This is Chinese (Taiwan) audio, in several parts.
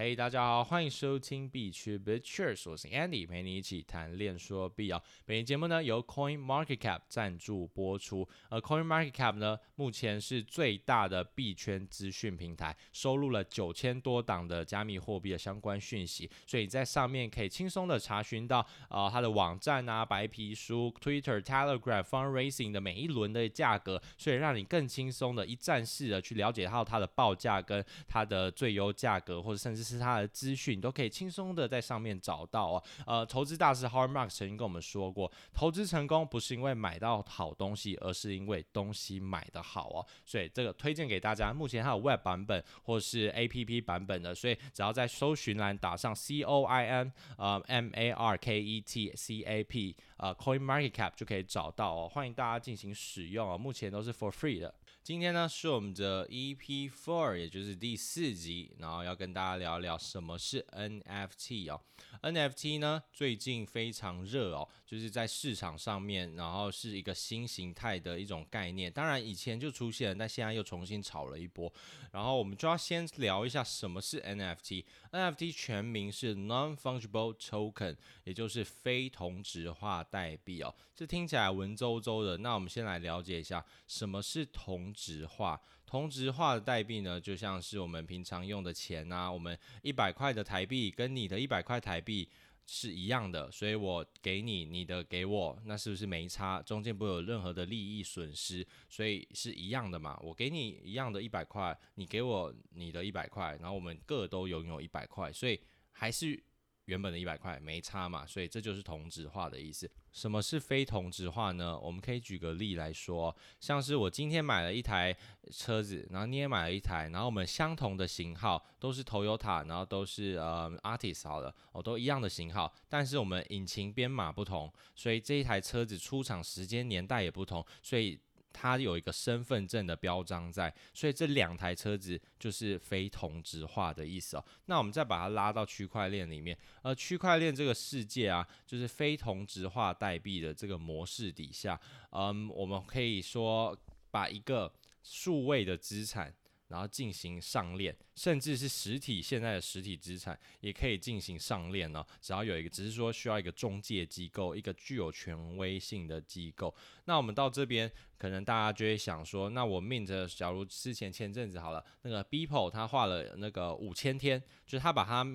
嘿、hey,，大家好，歡迎收聽幣圈 bitchers 我是 Andy，陪你一起談鏈說幣啊、哦。本期節目呢由 Coin Market Cap 贊助播出，而 Coin Market Cap 呢目前是最大的幣圈資訊平台，收錄了九千多檔的加密貨幣的相關訊息，所以在上面可以輕鬆的查詢到啊、呃、它的網站啊、白皮書、Twitter、Telegram、Fundraising 的每一輪的價格，所以讓你更輕鬆的一站式的去了解到它的報價跟它的最優價格，或者甚至。是他的資訊，你都可以輕鬆的在上面找到哦。呃，投資大師 Hardmark 曾經跟我們說過，投資成功不是因為買到好東西，而是因為東西買得好哦。所以這個推薦給大家，目前它有 Web 版本或是 APP 版本的，所以只要在搜尋欄打上 Coin 呃 MarketCap 呃 Coin MarketCap 就可以找到哦。歡迎大家進行使用啊、哦，目前都是 For Free 的。今天呢是我們的 EP Four，也就是第四集，然後要跟大家聊。聊什麼是 NFT 哦，NFT 呢最近非常熱哦，就是在市場上面，然後是一個新形態的一種概念。當然以前就出現了，但現在又重新炒了一波。然後我們就要先聊一下什麼是 NFT。NFT 全名是 Non-Fungible Token，也就是非同質化代幣哦。這聽起來文縐縐的，那我們先來了解一下什麼是同質化。同質化的代幣呢，就像是我們平常用的錢啊，我們一百塊的台幣跟你的一百塊台幣是一樣的，所以我給你，你的給我，那是不是沒差？中間不會有任何的利益損失，所以是一樣的嘛。我給你一樣的一百塊，你給我你的一百塊，然後我們各都擁有一百塊，所以還是。原本的一百塊沒差嘛，所以這就是同質化的意思。什麼是非同質化呢？我們可以舉個例來說，像是我今天買了一台車子，然後你也買了一台，然後我們相同的型號都是 Toyota，然後都是嗯、呃、Altis 好了，哦，都一樣的型號，但是我們引擎編碼不同，所以這一台車子出廠時間年代也不同，所以。它有一個身份證的標章在，所以這兩台車子就是非同質化的意思哦。那我們再把它拉到區塊鏈裡面，而、呃、區塊鏈這個世界啊，就是非同質化代幣的這個模式底下，嗯，我們可以說把一個數位的資產。然後進行上鏈，甚至是實體現在的實體資產也可以進行上鏈哦，只要有一個，只是說需要一個中介機構，一個具有權威性的機構。那我們到這邊，可能大家就會想說，那我命著假如之前前陣子好了，那個 Beeple 他畫了那個五千天，就是他把他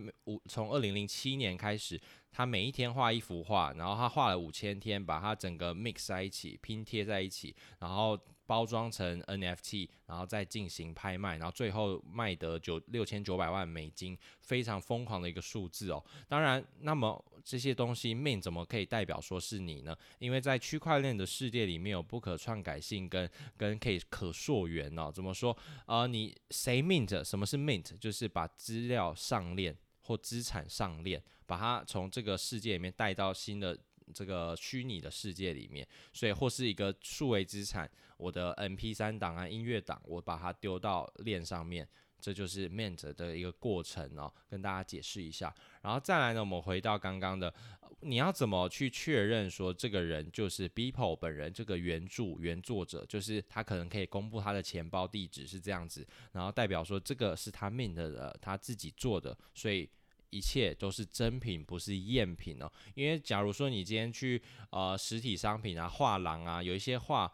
從二零零七年開始，他每一天畫一幅畫，然後他畫了五千天，把他整個 mix 在一起，拼貼在一起，然後。包裝成 NFT，然後再進行拍賣，然後最後賣得九六千九百萬美金，非常瘋狂的一個數字哦。當然，那麼這些東西 mint 怎麼可以代表說是你呢？因為在區塊鏈的世界裡面有不可篡改性跟跟可以可溯源哦。怎麼說？呃，你誰 mint？什麼是 mint？就是把資料上鏈或資產上鏈，把它從這個世界裡面帶到新的。這個虛擬的世界裡面，所以或是一個數位資產，我的 MP 三檔啊音樂檔，我把它丟到鏈上面，這就是 Mint 的一個過程哦，跟大家解釋一下。然後再來呢，我們回到剛剛的，你要怎麼去確認說這個人就是 Beeple 本人，這個原著原作者，就是他可能可以公布他的錢包地址是這樣子，然後代表說這個是他 Mint 的，的，他自己做的，所以。一切都是真品，不是贗品哦。因為假如說你今天去呃實體商品啊畫廊啊，有一些畫，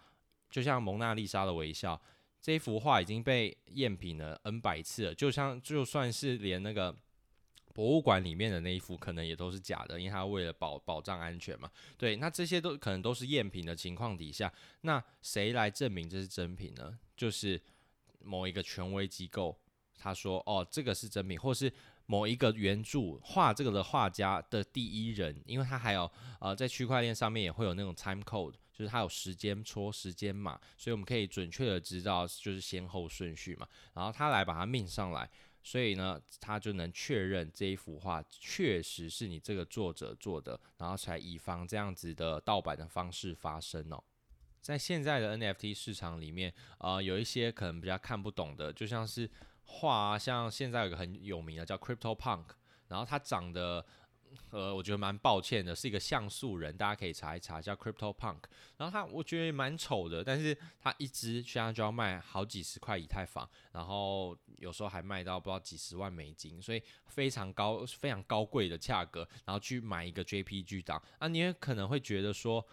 就像蒙娜麗莎的微笑，這幅畫已經被贗品了 N 百次了。就像就算是連那個博物館裡面的那一幅，可能也都是假的，因為它為了保保障安全嘛。對，那這些都可能都是贗品的情況底下，那誰來證明這是真品呢？就是某一個權威機構他說哦，這個是真品，或是。某一個原著畫這個的畫家的第一人，因為他還有呃在區塊鏈上面也會有那種 time code，就是他有時間戳、時間碼，所以我們可以準確的知道就是先後順序嘛。然後他來把它命上來，所以呢，他就能確認這一幅畫確實是你這個作者做的，然後才以防這樣子的盜版的方式發生哦。在現在的 NFT 市場裡面，呃，有一些可能比較看不懂的，就像是。畫像現在有個很有名的叫 Crypto Punk，然後他長得呃，我覺得蠻抱歉的，是一個像素人，大家可以查一查叫 Crypto Punk，然後他我覺得也蠻醜的，但是他一只現在就要賣好幾十塊以太坊，然後有時候還賣到不知道幾十萬美金，所以非常高非常高貴的價格，然後去買一個 JPG 檔。那、啊、你也可能會覺得說，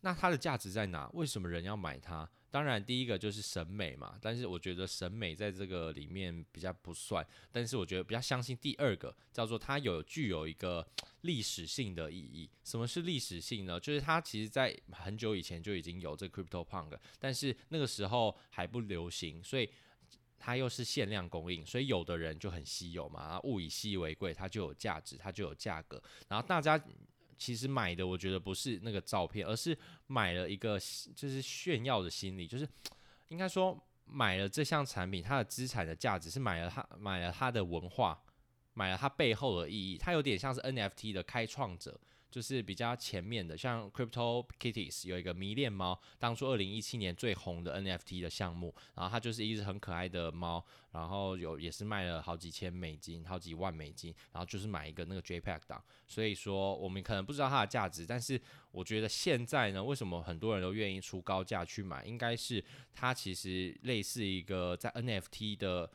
那它的價值在哪？為什麼人要買它？當然，第一個就是審美嘛，但是我覺得審美在這個裡面比較不算，但是我覺得比較相信第二個，叫做它有具有一個歷史性的意義。什麼是歷史性呢？就是它其實在很久以前就已經有這個 Crypto Punk，但是那個時候還不流行，所以它又是限量供應，所以有的人就很稀有嘛，物以稀為貴，它就有價值，它就有價格，然後大家。其實買的，我覺得不是那個照片，而是買了一個就是炫耀的心理，就是應該說買了這項產品，它的資產的價值是買了它，買了它的文化，買了它背後的意義，它有點像是 NFT 的開創者。就是比較前面的，像 Crypto Kitties 有一個迷戀貓，當初二零一七年最紅的 NFT 的項目，然後它就是一只很可愛的貓，然後有也是賣了好幾千美金、好幾萬美金，然後就是買一個那個 JPEG 檔。所以說，我們可能不知道它的價值，但是我覺得現在呢，為什麼很多人都願意出高價去買？應該是它其實類似一個在 NFT 的。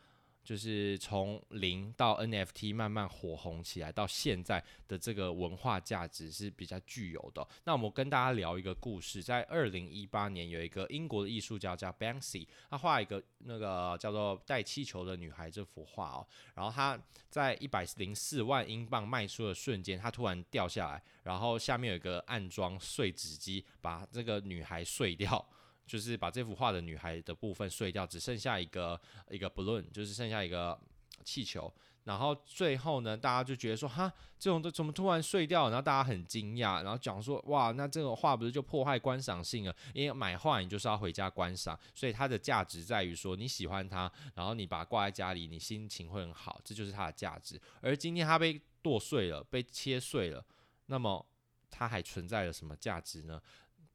就是從零到 NFT 慢慢火紅起來，到現在的這個文化價值是比較具有的。那我們跟大家聊一個故事，在二零一八年，有一個英國的藝術家叫 Banksy，他畫一個那個叫做帶氣球的女孩這幅畫哦，然後他在一百零四萬英鎊賣出的瞬間，他突然掉下來，然後下面有一個暗裝碎紙機，把這個女孩碎掉。就是把這幅畫的女孩的部分碎掉，只剩下一個一個 balloon，就是剩下一個氣球。然後最後呢，大家就覺得說，哈，這種都怎麼突然碎掉？然後大家很驚訝，然後講說，哇，那這個畫不是就破壞觀賞性了？因為買畫你就是要回家觀賞，所以它的價值在於說你喜歡它，然後你把它掛在家裡，你心情會很好，這就是它的價值。而今天它被剁碎了，被切碎了，那麼它還存在了什麼價值呢？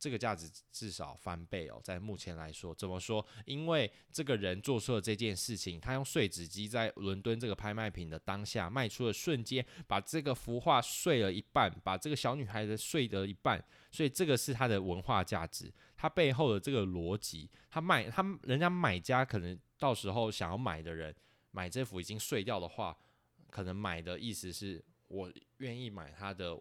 這個價值至少翻倍哦，在目前來說，怎麼說？因為這個人做出了這件事情，他用碎紙機在倫敦這個拍賣品的當下賣出的瞬間，把這個幅畫碎了一半，把這個小女孩的碎了一半，所以這個是他的文化價值。他背後的這個邏輯，他賣他人家買家可能到時候想要買的人買這幅已經碎掉的畫，可能買的意思是我願意買他的。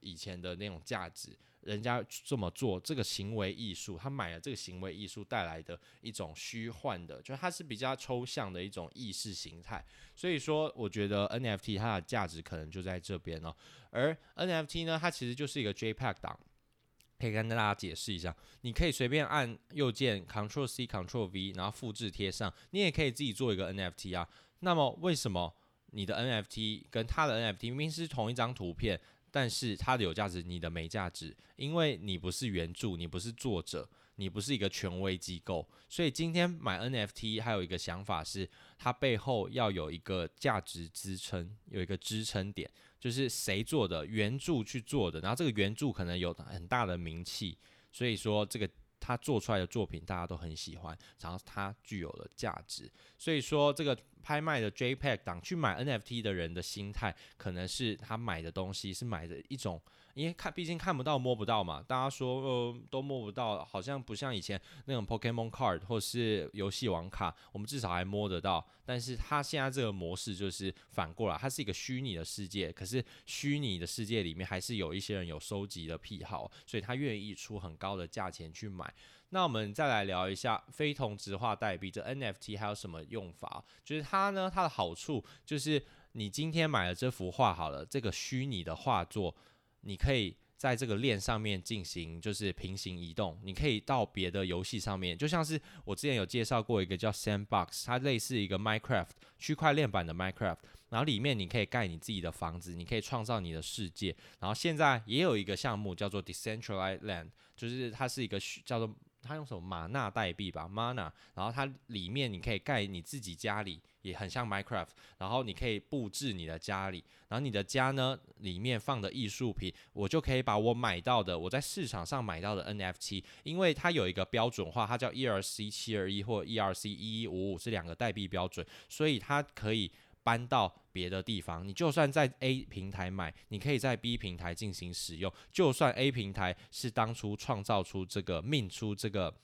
以前的那種價值，人家這麼做，這個行為藝術，他買了這個行為藝術帶來的一種虛幻的，就是它是比較抽象的一種意識形態。所以說，我覺得 NFT 它的價值可能就在這邊哦。而 NFT 呢，它其實就是一個 JPEG 檔，可以跟大家解釋一下，你可以隨便按右鍵，Control C，Control V，然後複制貼上。你也可以自己做一個 NFT 啊。那麼為什麼你的 NFT 跟他的 NFT 明明是同一張圖片？但是它的有價值，你的沒價值，因為你不是原著，你不是作者，你不是一個權威機構，所以今天買 NFT 還有一個想法是，它背後要有一個價值支撐，有一個支撐點，就是誰做的，原著去做的，然後這個原著可能有很大的名氣，所以說這個。他做出來的作品大家都很喜歡，然後他具有了價值，所以說這個拍賣的 JPEG 檔去買 NFT 的人的心態，可能是他買的東西是買的一種。因為看畢竟看不到摸不到嘛，大家說呃，都摸不到，好像不像以前那種 Pokemon Card 或是遊戲王卡，我們至少還摸得到。但是它現在這個模式就是反過來，它是一個虛擬的世界，可是虛擬的世界裡面還是有一些人有收集的癖好，所以他願意出很高的價錢去買。那我們再來聊一下非同質化代幣，這 NFT 還有什麼用法？就是它呢，它的好處就是你今天買了這幅畫好了，這個虛擬的畫作。你可以在這個鏈上面進行，就是平行移動。你可以到別的遊戲上面，就像是我之前有介紹過一個叫 Sandbox，它類似一個 Minecraft，區塊鏈版的 Minecraft，然後裡面你可以蓋你自己的房子，你可以創造你的世界。然後現在也有一個項目叫做 Decentralized Land，就是它是一個叫做它用什麼馬納代幣吧，Mana，然後它裡面你可以蓋你自己家裡，也很像 Minecraft，然後你可以佈置你的家裡，然後你的家呢裡面放的藝術品，我就可以把我買到的，我在市場上買到的 NFT，因為它有一個標準化，它叫 ERC 721或 ERC 1155這兩個代幣標準，所以它可以。搬到別的地方，你就算在 A 平台買，你可以在 B 平台進行使用。就算 A 平台是當初創造出這個命出這個。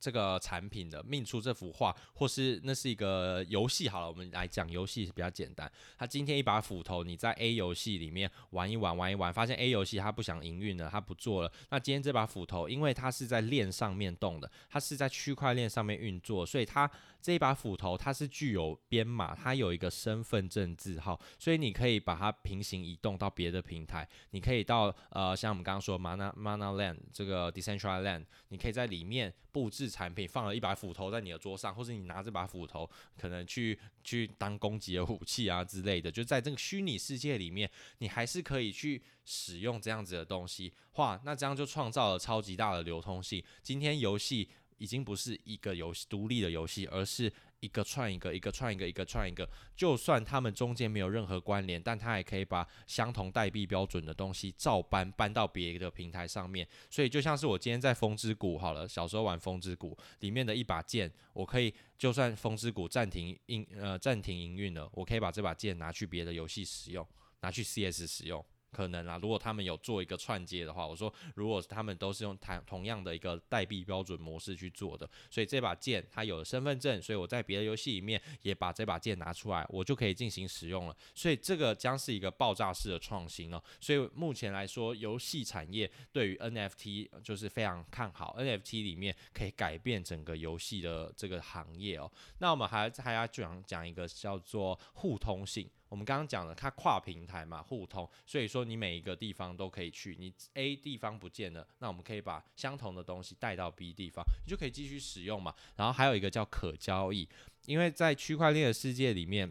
這個產品的命出這幅畫，或是那是一個遊戲好了，我們來講遊戲是比較簡單。他今天一把斧頭，你在 A 遊戲裡面玩一玩，玩一玩，發現 A 遊戲他不想營運了，他不做了。那今天這把斧頭，因為它是在鏈上面動的，它是在區塊鏈上面運作，所以它這一把斧頭它是具有編碼，它有一個身份證字號，所以你可以把它平行移動到別的平台，你可以到呃像我們剛剛說的 Mana Mana Land 這個 Decentral Land，你可以在裡面佈置。產品放了一把斧頭在你的桌上，或者你拿這把斧頭可能去去當攻擊的武器啊之類的，就在這個虛擬世界裡面，你還是可以去使用這樣子的東西。哇，那這樣就創造了超級大的流通性。今天遊戲已經不是一個遊戲獨立的遊戲，而是一個串一個，一個串一個，一個串一個。就算它們中間沒有任何關聯，但它還可以把相同代幣標準的東西照搬搬到別的平台上面。所以，就像是我今天在《風之谷》好了，小時候玩《風之谷》裡面的一把劍，我可以就算《風之谷》暫停營呃暫停營運了，我可以把這把劍拿去別的遊戲使用，拿去 CS 使用。可能啊，如果他們有做一個串接的話，我說如果他們都是用它同樣的一個代幣標準模式去做的，所以這把劍它有了身份証，所以我在別的遊戲裡面也把這把劍拿出來，我就可以進行使用了。所以這個將是一個爆炸式的創新哦。所以目前來說，遊戲產業對於 NFT 就是非常看好，NFT 裡面可以改變整個遊戲的這個行業哦。那我們還還要講講一個叫做互通性。我們剛剛講了，它跨平台嘛，互通，所以說你每一個地方都可以去。你 A 地方不見了，那我們可以把相同的東西帶到 B 地方，你就可以繼續使用嘛。然後還有一個叫可交易，因為在區塊鏈的世界裡面，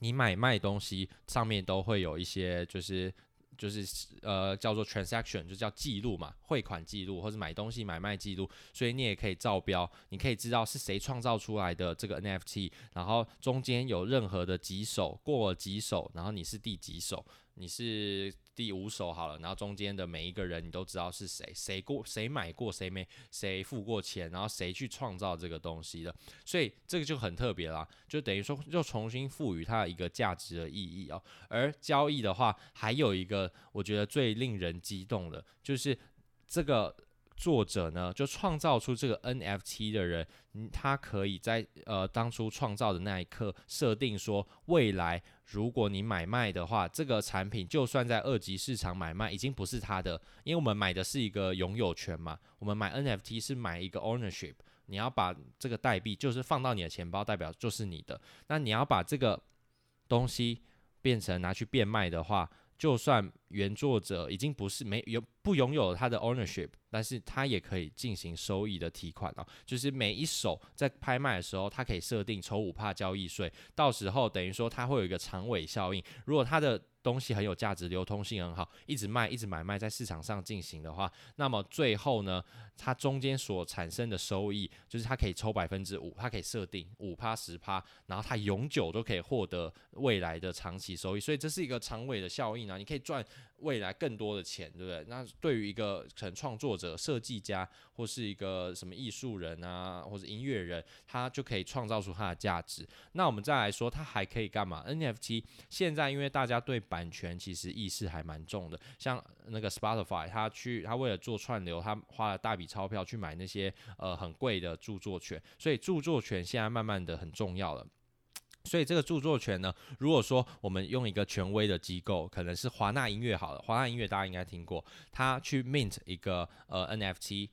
你買賣東西上面都會有一些就是。就是呃叫做 transaction，就叫記錄嘛，匯款記錄或者買東西、買賣記錄，所以你也可以招標，你可以知道是誰創造出來的這個 NFT，然後中間有任何的幾手，過了幾手，然後你是第幾手，你是。第五手好了，然後中間的每一個人你都知道是誰，誰過誰買過，誰沒誰付過錢，然後誰去創造這個東西的，所以這個就很特別啦、啊，就等於說又重新賦予它一個價值的意義哦。而交易的話，還有一個我覺得最令人激動的，就是這個。作者呢，就創造出這個 NFT 的人，嗯，他可以在呃當初創造的那一刻設定說，未來如果你買賣的話，這個產品就算在二級市場買賣，已經不是他的，因為我們買的是一個擁有權嘛，我們買 NFT 是買一個 ownership，你要把這個代幣就是放到你的錢包，代表就是你的。那你要把這個東西變成拿去變賣的話，就算原作者已經不是沒有不擁有他的 ownership。但是他也可以進行收益的提款了啊，就是每一手在拍賣的時候，它可以設定抽五帕交易稅，到時候等於說它會有一個長尾效應，如果它的。東西很有價值，流通性很好，一直賣，一直買賣，在市場上進行的話，那麼最後呢，它中間所產生的收益，就是它可以抽百分之五，它可以設定五趴十趴，然後它永久都可以獲得未來的長期收益，所以這是一個長尾的效應啊，你可以賺未來更多的錢，對不對？那對於一個可能創作者、設計家，或是一個什麼藝術人啊，或者音樂人，他就可以創造出他的價值。那我們再來說，它還可以幹嘛？NFT 現在因為大家對版權其實意思還蠻重的，像那個 Spotify，他去他為了做串流，他花了大筆鈔票去買那些呃很貴的著作權，所以著作權現在慢慢的很重要了。所以這個著作權呢，如果說我們用一個權威的機構，可能是華納音樂好了，華納音樂大家應該聽過，他去 mint 一個呃 NFT，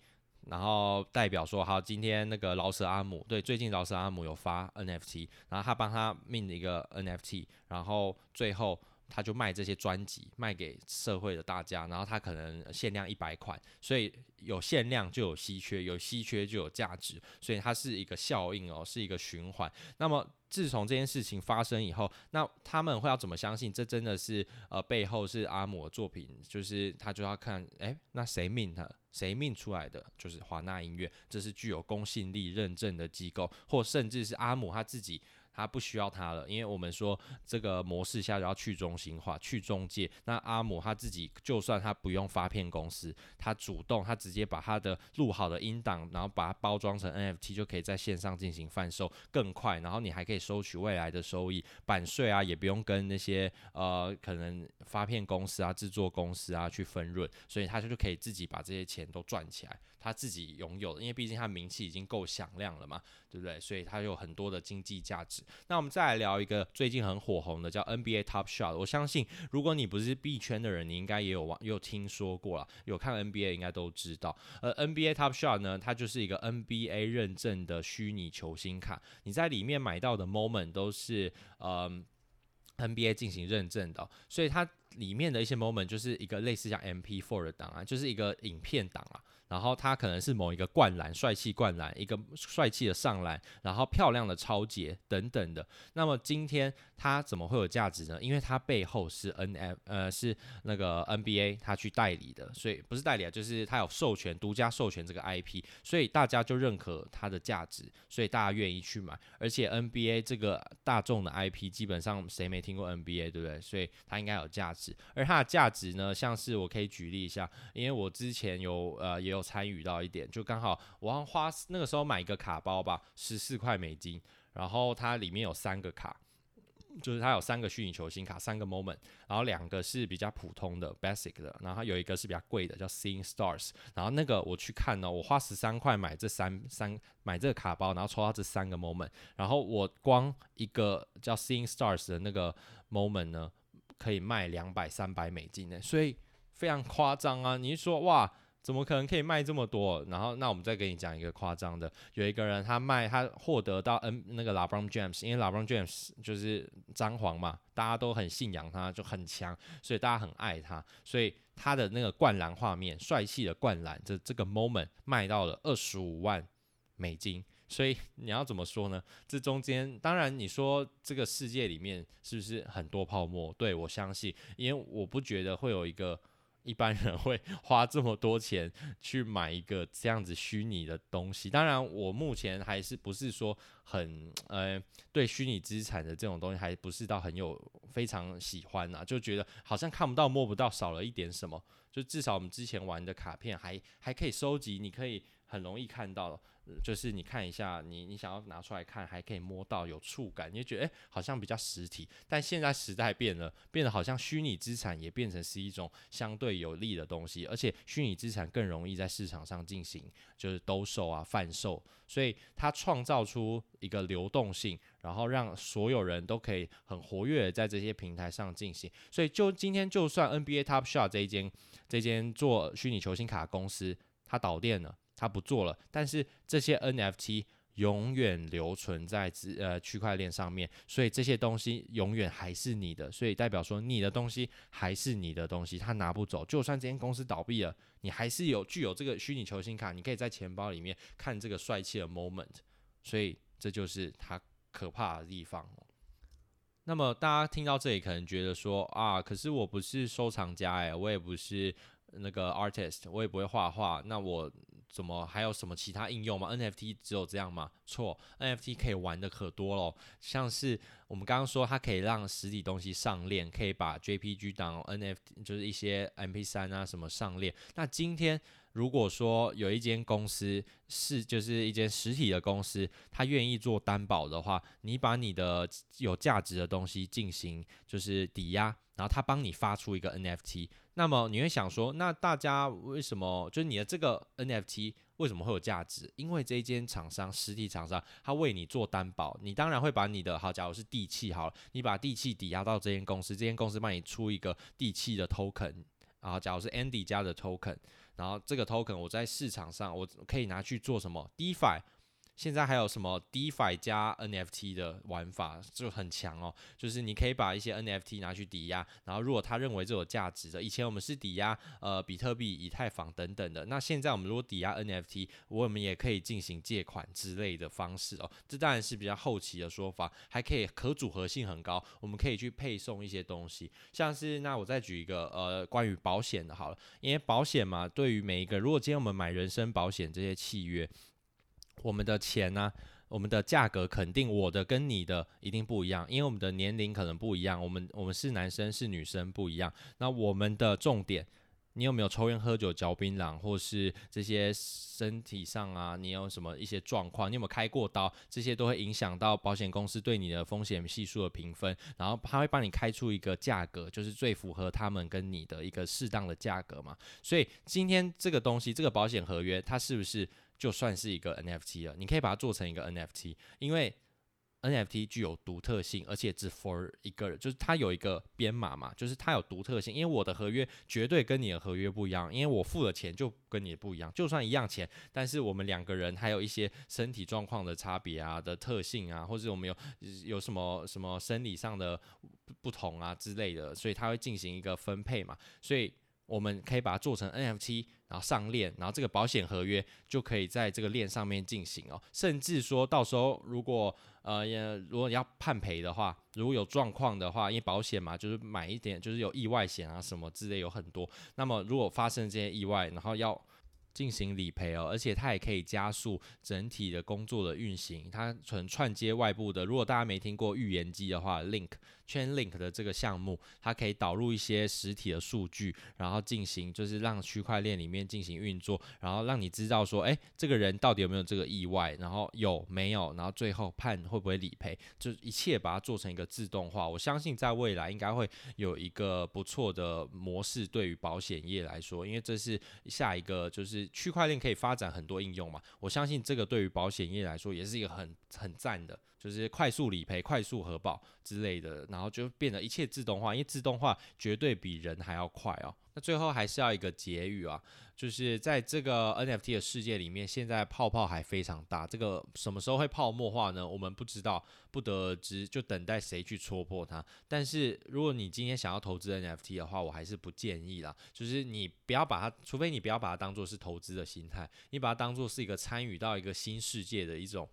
然後代表說好，今天那個饒舌阿姆對，最近饒舌阿姆有發 NFT，然後他幫他 mint 一個 NFT，然後最後。他就賣這些專輯，賣給社會的大家，然後他可能限量一百款，所以有限量就有稀缺，有稀缺就有價值，所以它是一個效應哦，是一個循環。那麼自從這件事情發生以後，那他們會要怎麼相信這真的是呃背後是阿姆的作品？就是他就要看，誒、欸，那誰 mint 的，誰 mint 出來的，就是華納音樂，這是具有公信力認證的機構，或甚至是阿姆他自己。他不需要他了，因為我們說這個模式下就要去中心化、去中介。那阿姆他自己就算他不用發片公司，他主動他直接把他的錄好的音檔，然後把它包裝成 NFT，就可以在線上進行販售，更快。然後你還可以收取未來的收益版稅啊，也不用跟那些呃可能發片公司啊、製作公司啊去分潤，所以他就可以自己把這些錢都賺起來，他自己擁有的。因為畢竟他名氣已經夠響亮了嘛，對不對？所以他有很多的經濟價值。那我們再來聊一個最近很火紅的，叫 NBA Top Shot。我相信，如果你不是幣圈的人，你應該也有也有聽說過了，有看 NBA 應該都知道。而 NBA Top Shot 呢，它就是一個 NBA 認證的虛擬球星卡，你在裡面買到的 Moment 都是嗯、呃、NBA 進行認證的，喔，所以它裡面的一些 Moment 就是一個類似像 MP4 的檔案，啊，就是一個影片檔啊。然後他可能是某一個灌籃，帥氣灌籃，一個帥氣的上籃，然後漂亮的抄截等等的。那麼今天他怎麼會有價值呢？因為他背後是 N F 呃是那個 N B A 他去代理的，所以不是代理啊，就是他有授權獨家授權這個 I P，所以大家就認可它的價值，所以大家願意去買。而且 N B A 這個大眾的 I P，基本上誰沒聽過 N B A 對不對？所以它應該有價值。而它的價值呢，像是我可以舉例一下，因為我之前有呃也有。參與到一點，就剛好我要花那個時候買一個卡包吧，十四塊美金，然後它裡面有三個卡，就是它有三個虛擬球星卡，三個 moment，然後兩個是比較普通的 basic 的，然後有一個是比較貴的叫 Seeing Stars，然後那個我去看呢，我花十三塊買這三三買這個卡包，然後抽到這三個 moment，然後我光一個叫 Seeing Stars 的那個 moment 呢，可以賣兩百三百美金耶，所以非常誇張啊！你一說哇？怎麼可能可以賣這麼多？然後，那我們再給你講一個誇張的，有一個人他賣，他獲得到 N 那個 LeBron James 因為 LeBron James 就是詹皇嘛，大家都很信仰他，就很強，所以大家很愛他，所以他的那個灌籃畫面，帥氣的灌籃，這這個 moment 賣到了二十五萬美金。所以你要怎麼說呢？這中間，當然你說這個世界裡面是不是很多泡沫？對我相信，因為我不覺得會有一個。一般人會花這麼多錢去買一個這樣子虛擬的東西，當然我目前還是不是說很呃，對虛擬資產的這種東西還不是到很有非常喜歡吶、啊，就覺得好像看不到，摸不到，少了一點什麼，就至少我們之前玩的卡片還還可以收集，你可以。很容易看到、呃、就是你看一下，你你想要拿出來看，還可以摸到有觸感，你就覺得誒、欸，好像比較實體。但現在時代變了，變得好像虛擬資產也變成是一種相對有利的東西，而且虛擬資產更容易在市場上進行就是兜售啊販售，所以它創造出一個流動性，然後讓所有人都可以很活躍的在這些平台上進行。所以就今天，就算 NBA Top Shot 這一間這間做虛擬球星卡公司，它倒店了。他不做了，但是這些 NFT 永遠留存在呃區塊鏈上面，所以這些東西永遠還是你的，所以代表說你的東西還是你的東西，他拿不走。就算這間公司倒閉了，你還是有具有這個虛擬球星卡，你可以在錢包裡面看這個帥氣的 moment。所以這就是他可怕的地方。嗯。那麼大家聽到這裡可能覺得說啊，可是我不是收藏家哎，我也不是那個 artist，我也不會畫畫，那我。怎麼？還有什麼其他應用嗎？NFT 只有這樣嗎？錯，NFT 可以玩的可多咯，像是我們剛剛說它可以讓實體東西上鏈，可以把 JPG 檔 NFT 就是一些 MP3 啊什麼上鏈。那今天如果說有一間公司是就是一間實體的公司，它願意做擔保的話，你把你的有價值的東西進行就是抵押，然後它幫你發出一個 NFT。那麼你會想說，那大家為什麼就是你的這個 NFT 為什麼會有價值？因為這間廠商實體廠商，他為你做擔保，你當然會把你的好，假如是地契好了，你把地契抵押到這間公司，這間公司幫你出一個地契的 token，啊。假如是 Andy 家的 token，然後這個 token 我在市場上我可以拿去做什麼？DeFi。現在還有什麼 DeFi 加 NFT 的玩法就很強哦，就是你可以把一些 NFT 拿去抵押，然後如果他認為這有價值的，以前我們是抵押呃比特幣、以太坊等等的，那現在我們如果抵押 NFT，我們也可以進行借款之類的方式哦，這當然是比較後期的說法，還可以可組合性很高，我們可以去配送一些東西，像是那我再舉一個呃關於保險的好了，因為保險嘛，對於每一個如果今天我們買人身保險這些契約。我們的錢呢、啊？我們的價格肯定我的跟你的一定不一樣，因為我們的年齡可能不一樣，我們我們是男生是女生不一樣。那我們的重點，你有沒有抽菸喝酒嚼檳榔，或是這些身體上啊？你有什麼一些狀況？你有沒有開過刀？這些都會影響到保險公司對你的風險系數的評分，然後他會幫你開出一個價格，就是最符合他們跟你的一個適當的價格嘛。所以今天這個東西，這個保險合約，它是不是？就算是一個 NFT 了，你可以把它做成一個 NFT，因為 NFT 具有獨特性，而且只 for 一個人，就是它有一個編碼嘛，就是它有獨特性，因為我的合約絕對跟你的合約不一樣，因為我付的錢就跟你不一樣，就算一樣錢，但是我們兩個人還有一些身體狀況的差別啊的特性啊，或者我們有有什麼什麼生理上的不同啊之類的，所以它會進行一個分配嘛，所以我們可以把它做成 NFT。然後上鏈，然後這個保險合約就可以在這個鏈上面進行哦。甚至說到時候，如果呃也，如果你要判賠的話，如果有狀況的話，因為保險嘛，就是買一點，就是有意外險啊什麼之類有很多。那麼如果發生這些意外，然後要。進行理賠哦、喔，而且它也可以加速整體的工作的運行。它純串接外部的，如果大家沒聽過預言機的話，Link、Chainlink 的這個項目，它可以導入一些實體的數據，然後進行就是讓區塊鏈裡面進行運作，然後讓你知道說，哎、欸，這個人到底有沒有這個意外，然後有沒有，然後最後判會不會理賠，就一切把它做成一個自動化。我相信在未來應該會有一個不錯的模式對於保險業來說，因為這是下一個就是。區塊鏈可以發展很多應用嘛？我相信這個對於保險業來說也是一個很很讚的，就是快速理賠、快速核保之類的，然後就變得一切自動化，因為自動化絕對比人還要快哦。那最後還是要一個結語啊，就是在這個 NFT 的世界裡面，現在泡泡還非常大，這個什麼時候會泡沫化呢？我們不知道，不得而知，就等待誰去戳破它。但是如果你今天想要投資 NFT 的話，我還是不建議啦，就是你不要把它，除非你不要把它當做是投資的心態，你把它當做是一個參與到一個新世界的一種。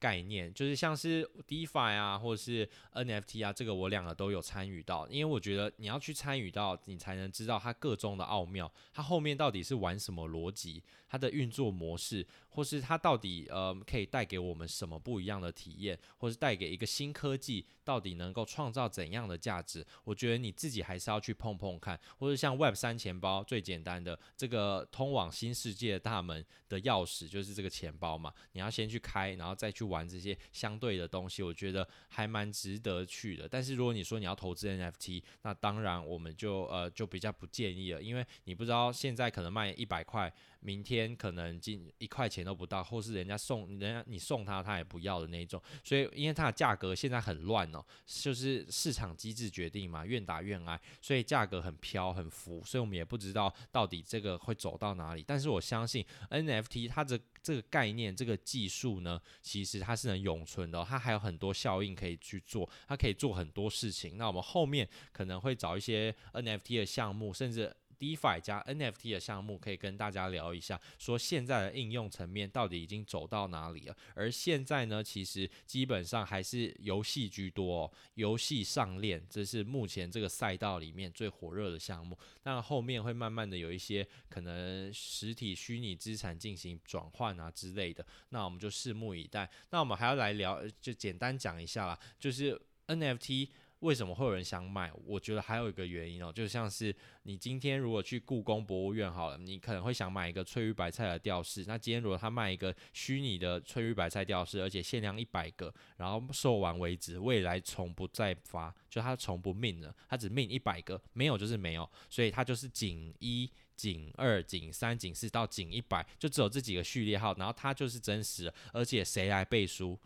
概念就是像是 DeFi 啊，或者是 NFT 啊，這個我兩個都有參與到，因為我覺得你要去參與到，你才能知道它個中的奧妙，它後面到底是玩什麼邏輯，它的運作模式。或是它到底呃可以帶給我們什麼不一樣的體驗，或是帶給一個新科技到底能夠創造怎樣的價值？我覺得你自己還是要去碰碰看，或是像 Web 三錢包最簡單的這個通往新世界的大門的鑰匙就是這個錢包嘛，你要先去開，然後再去玩這些相對的東西，我覺得還蠻值得去的。但是如果你說你要投資 NFT，那當然我們就呃就比較不建議了，因為你不知道現在可能賣一百塊。明天可能今一塊錢都不到，或是人家送人家你送他他也不要的那一種，所以因為它的價格現在很亂哦，就是市場機制決定嘛，願打願挨，所以價格很飄很浮，所以我們也不知道到底這個會走到哪裡。但是我相信 NFT 它的這個概念、這個技術呢，其實它是能永存的哦，它還有很多效應可以去做，它可以做很多事情。那我們後面可能會找一些 NFT 的項目，甚至。DeFi 加 NFT 的項目可以跟大家聊一下，說現在的應用層面到底已經走到哪裡了？而現在呢，其實基本上還是遊戲居多，遊戲上鏈，這是目前這個賽道裡面最火熱的項目。那後面會慢慢的有一些可能實體虛擬資產進行轉換啊之類的，那我們就拭目以待。那我們還要來聊，就簡單講一下啦，就是 NFT。為什麼會有人想買？我覺得還有一個原因哦，就像是你今天如果去故宮博物院好了，你可能會想買一個翠玉白菜的吊飾。那今天如果他賣一個虛擬的翠玉白菜吊飾，而且限量一百個，然後售完為止，未來從不再發，就他從不 mint 了，他只 mint 一百個，沒有就是沒有，所以他就是井一、井二、井三、井四到井一百，就只有這幾個序列號，然後它就是真實了，而且誰來背書？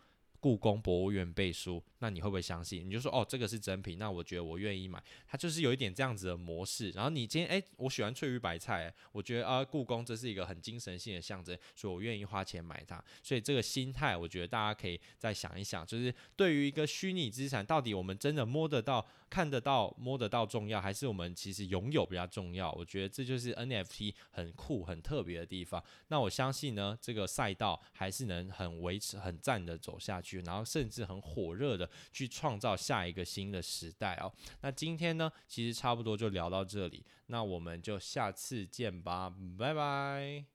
故宮博物院背書，那你會不會相信？你就說哦，這個是真品，那我覺得我願意買。它就是有一點這樣子的模式。然後你今天哎，欸，我喜歡翠玉白菜欸，我覺得啊，故宮這是一個很精神性的象徵，所以我願意花錢買它。所以這個心態，我覺得大家可以再想一想，就是對於一個虛擬資產，到底我們真的摸得到？看得到、摸得到重要，還是我們其實擁有比較重要？我覺得這就是 NFT 很酷、很特別的地方。那我相信呢，這個賽道還是能很維持、很讚的走下去，然後甚至很火熱的去創造下一個新的時代哦。那今天呢，其實差不多就聊到這裡，那我們就下次見吧，拜拜。